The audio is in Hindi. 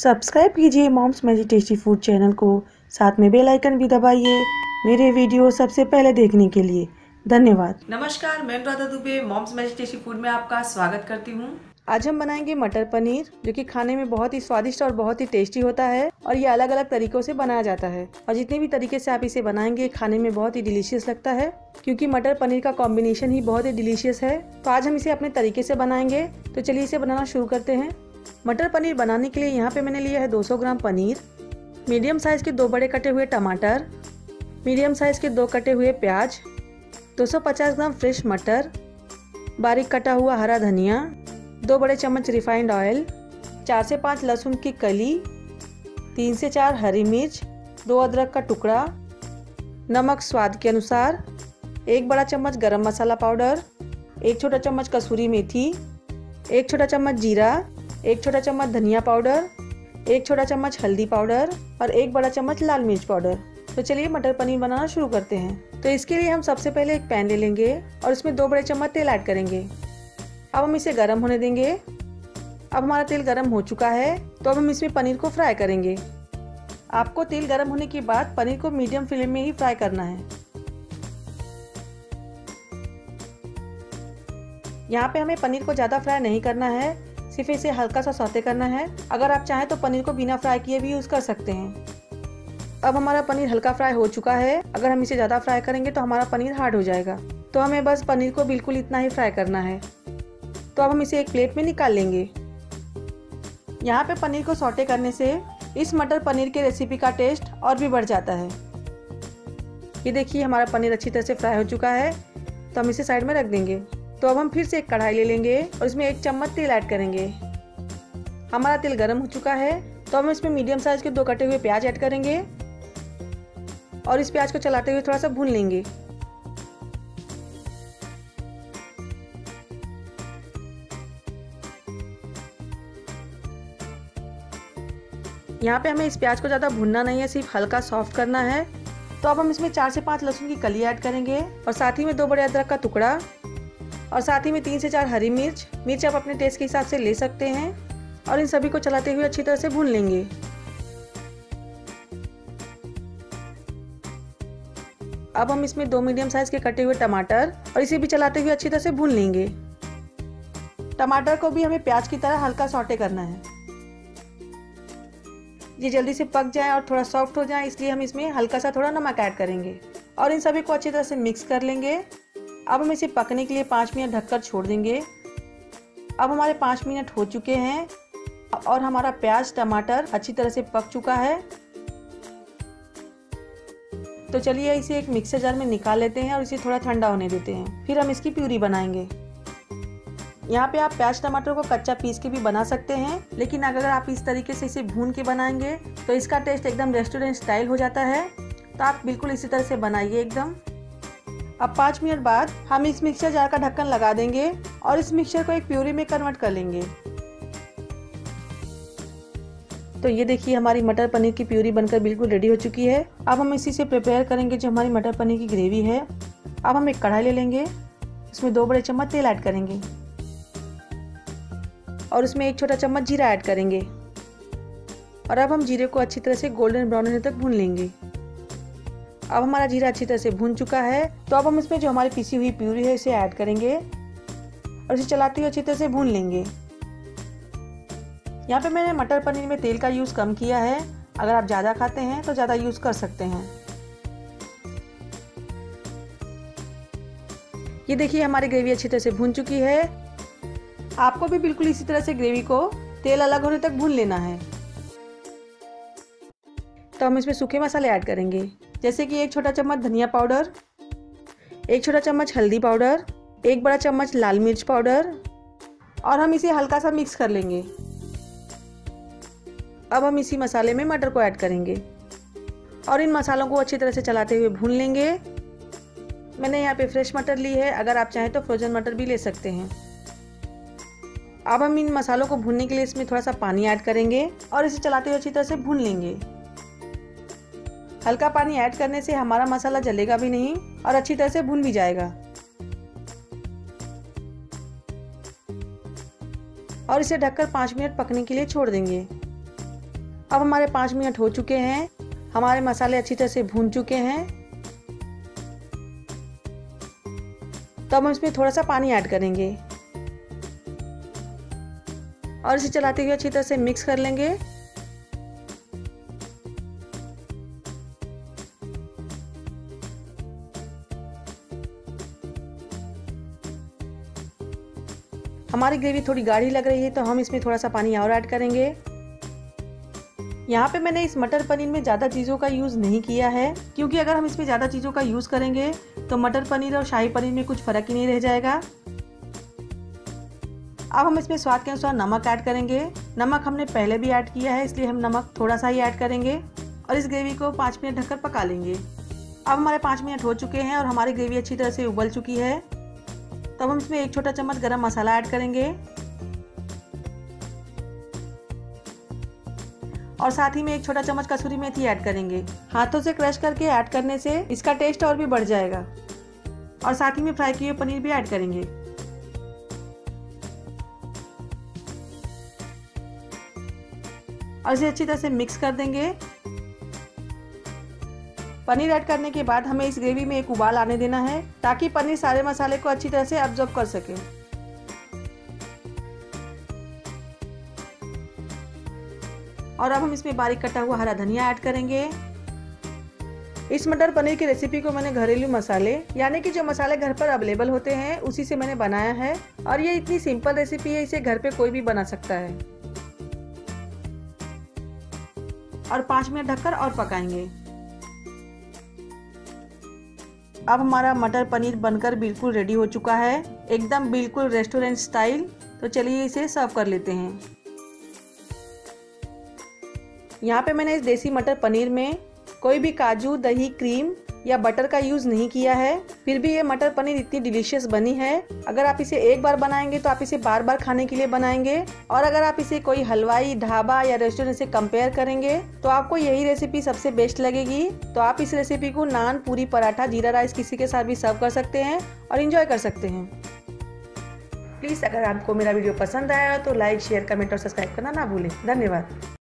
सब्सक्राइब कीजिए मॉम्स मेजी टेस्टी फूड चैनल को साथ में बेल आइकन भी दबाइए मेरे वीडियो सबसे पहले देखने के लिए धन्यवाद नमस्कार मैं अनुराधा दुबे मॉम्स मैजी टेस्टी फूड में आपका स्वागत करती हूँ आज हम बनाएंगे मटर पनीर जो कि खाने में बहुत ही स्वादिष्ट और बहुत ही टेस्टी होता है और ये अलग अलग तरीकों से बनाया जाता है और जितने भी तरीके से आप इसे बनाएंगे खाने में बहुत ही डिलीशियस लगता है क्योंकि मटर पनीर का कॉम्बिनेशन ही बहुत ही डिलीशियस है तो आज हम इसे अपने तरीके से बनाएंगे तो चलिए इसे बनाना शुरू करते हैं मटर पनीर बनाने के लिए यहाँ पे मैंने लिया है 200 ग्राम पनीर मीडियम साइज़ के दो बड़े कटे हुए टमाटर मीडियम साइज़ के दो कटे हुए प्याज 250 ग्राम फ्रेश मटर बारीक कटा हुआ हरा धनिया दो बड़े चम्मच रिफाइंड ऑयल चार से पाँच लहसुन की कली तीन से चार हरी मिर्च दो अदरक का टुकड़ा नमक स्वाद के अनुसार एक बड़ा चम्मच गरम मसाला पाउडर एक छोटा चम्मच कसूरी मेथी एक छोटा चम्मच जीरा एक छोटा चम्मच धनिया पाउडर एक छोटा चम्मच हल्दी पाउडर और एक बड़ा चम्मच लाल मिर्च पाउडर तो चलिए मटर पनीर बनाना शुरू करते हैं तो इसके लिए हम सबसे पहले एक पैन ले लेंगे और इसमें दो बड़े चम्मच तेल ऐड करेंगे अब हम इसे गर्म होने देंगे अब हमारा तेल गर्म हो चुका है तो अब हम इसमें पनीर को फ्राई करेंगे आपको तेल गर्म होने के बाद पनीर को मीडियम फ्लेम में ही फ्राई करना है यहाँ पे हमें पनीर को ज़्यादा फ्राई नहीं करना है सिर्फ इसे हल्का सा सौते करना है अगर आप चाहें तो पनीर को बिना फ्राई किए भी यूज़ कर सकते हैं अब हमारा पनीर हल्का फ्राई हो चुका है अगर हम इसे ज़्यादा फ्राई करेंगे तो हमारा पनीर हार्ड हो जाएगा तो हमें बस पनीर को बिल्कुल इतना ही फ्राई करना है तो अब हम इसे एक प्लेट में निकाल लेंगे यहाँ पे पनीर को सौटे करने से इस मटर पनीर के रेसिपी का टेस्ट और भी बढ़ जाता है ये देखिए हमारा पनीर अच्छी तरह से फ्राई हो चुका है तो हम इसे साइड में रख देंगे तो अब हम फिर से एक कढ़ाई ले लेंगे और इसमें एक चम्मच तेल ऐड करेंगे हमारा तेल गर्म हो चुका है तो हम इसमें मीडियम साइज़ के दो कटे हुए प्याज ऐड करेंगे और इस प्याज को चलाते हुए थोड़ा सा भून लेंगे यहाँ पे हमें इस प्याज को ज़्यादा भूनना नहीं है सिर्फ हल्का सॉफ्ट करना है तो अब हम इसमें चार से पांच लहसुन की कली ऐड करेंगे और साथ ही में दो बड़े अदरक का टुकड़ा और साथ ही में तीन से चार हरी मिर्च मिर्च आप अपने टेस्ट के हिसाब से ले सकते हैं और इन सभी को चलाते हुए अच्छी तरह से भून लेंगे अब हम इसमें दो मीडियम साइज के कटे हुए टमाटर और इसे भी चलाते हुए अच्छी तरह से भून लेंगे टमाटर को भी हमें प्याज की तरह हल्का सॉटे करना है ये जल्दी से पक जाए और थोड़ा सॉफ्ट हो जाए इसलिए हम इसमें हल्का सा थोड़ा नमक ऐड करेंगे और इन सभी को अच्छी तरह से मिक्स कर लेंगे अब हम इसे पकने के लिए पाँच मिनट ढककर छोड़ देंगे अब हमारे पाँच मिनट हो चुके हैं और हमारा प्याज टमाटर अच्छी तरह से पक चुका है तो चलिए इसे एक मिक्सर जार में निकाल लेते हैं और इसे थोड़ा ठंडा होने देते हैं फिर हम इसकी प्यूरी बनाएंगे यहाँ पे आप प्याज टमाटर को कच्चा पीस के भी बना सकते हैं लेकिन अगर आप इस तरीके से इसे भून के बनाएंगे तो इसका टेस्ट एकदम रेस्टोरेंट स्टाइल हो जाता है तो आप बिल्कुल इसी तरह से बनाइए एकदम अब पाँच मिनट बाद हम इस मिक्सचर जार का ढक्कन लगा देंगे और इस मिक्सचर को एक प्यूरी में कन्वर्ट कर लेंगे तो ये देखिए हमारी मटर पनीर की प्यूरी बनकर बिल्कुल रेडी हो चुकी है अब हम इसी से प्रिपेयर करेंगे जो हमारी मटर पनीर की ग्रेवी है अब हम एक कढ़ाई ले लेंगे इसमें दो बड़े चम्मच तेल ऐड करेंगे और उसमें एक छोटा चम्मच जीरा ऐड करेंगे और अब हम जीरे को अच्छी तरह से गोल्डन ब्राउन होने तक भून लेंगे अब हमारा जीरा अच्छी तरह से भून चुका है तो अब हम इसमें जो हमारी पीसी हुई प्यूरी है इसे ऐड करेंगे और इसे चलाते हुए अच्छी तरह से भून लेंगे यहाँ पे मैंने मटर पनीर में तेल का यूज़ कम किया है अगर आप ज़्यादा खाते हैं तो ज़्यादा यूज़ कर सकते हैं ये देखिए हमारी ग्रेवी अच्छी तरह से भून चुकी है आपको भी बिल्कुल इसी तरह से ग्रेवी को तेल अलग होने तक भून लेना है तो हम इसमें सूखे मसाले ऐड करेंगे जैसे कि एक छोटा चम्मच धनिया पाउडर एक छोटा चम्मच हल्दी पाउडर एक बड़ा चम्मच लाल मिर्च पाउडर और हम इसे हल्का सा मिक्स कर लेंगे अब हम इसी मसाले में मटर को ऐड करेंगे और इन मसालों को अच्छी तरह से चलाते हुए भून लेंगे मैंने यहाँ पे फ्रेश मटर ली है अगर आप चाहें तो फ्रोजन मटर भी ले सकते हैं अब हम इन मसालों को भूनने के लिए इसमें थोड़ा सा पानी ऐड करेंगे और इसे चलाते हुए अच्छी तरह से भून लेंगे हल्का पानी ऐड करने से हमारा मसाला जलेगा भी नहीं और अच्छी तरह से भुन भी जाएगा और इसे ढककर पाँच मिनट पकने के लिए छोड़ देंगे अब हमारे पाँच मिनट हो चुके हैं हमारे मसाले अच्छी तरह से भून चुके हैं तो हम इसमें थोड़ा सा पानी ऐड करेंगे और इसे चलाते हुए अच्छी तरह से मिक्स कर लेंगे हमारी ग्रेवी थोड़ी गाढ़ी लग रही है तो हम इसमें थोड़ा सा पानी और ऐड करेंगे यहाँ पे मैंने इस मटर पनीर में ज़्यादा चीज़ों का यूज़ नहीं किया है क्योंकि अगर हम इसमें ज़्यादा चीज़ों का यूज़ करेंगे तो मटर पनीर और शाही पनीर में कुछ फ़र्क ही नहीं रह जाएगा अब हम इसमें स्वाद के अनुसार नमक ऐड करेंगे नमक हमने पहले भी ऐड किया है इसलिए हम नमक थोड़ा सा ही ऐड करेंगे और इस ग्रेवी को पाँच मिनट ढककर पका लेंगे अब हमारे पाँच मिनट हो चुके हैं और हमारी ग्रेवी अच्छी तरह से उबल चुकी है तो अब हम इसमें एक छोटा चम्मच गरम मसाला ऐड करेंगे और साथ ही में एक छोटा चम्मच कसूरी मेथी ऐड करेंगे हाथों से क्रश करके ऐड करने से इसका टेस्ट और भी बढ़ जाएगा और साथ ही में फ्राई किए पनीर भी ऐड करेंगे और इसे अच्छी तरह से मिक्स कर देंगे पनीर ऐड करने के बाद हमें इस ग्रेवी में एक उबाल आने देना है ताकि पनीर सारे मसाले को अच्छी तरह से ऑब्जर्व कर सके और अब हम इसमें बारीक कटा हुआ हरा धनिया ऐड करेंगे इस मटर पनीर की रेसिपी को मैंने घरेलू मसाले यानी कि जो मसाले घर पर अवेलेबल होते हैं उसी से मैंने बनाया है और ये इतनी सिंपल रेसिपी है इसे घर पे कोई भी बना सकता है और पांच मिनट ढककर और पकाएंगे अब हमारा मटर पनीर बनकर बिल्कुल रेडी हो चुका है एकदम बिल्कुल रेस्टोरेंट स्टाइल तो चलिए इसे सर्व कर लेते हैं यहाँ पे मैंने इस देसी मटर पनीर में कोई भी काजू दही क्रीम या बटर का यूज़ नहीं किया है फिर भी ये मटर पनीर इतनी डिलीशियस बनी है अगर आप इसे एक बार बनाएंगे तो आप इसे बार बार खाने के लिए बनाएंगे और अगर आप इसे कोई हलवाई ढाबा या रेस्टोरेंट से कंपेयर करेंगे तो आपको यही रेसिपी सबसे बेस्ट लगेगी तो आप इस रेसिपी को नान पूरी पराठा जीरा राइस किसी के साथ भी सर्व कर सकते हैं और इंजॉय कर सकते हैं प्लीज़ अगर आपको मेरा वीडियो पसंद आया तो लाइक शेयर कमेंट और सब्सक्राइब करना ना भूलें धन्यवाद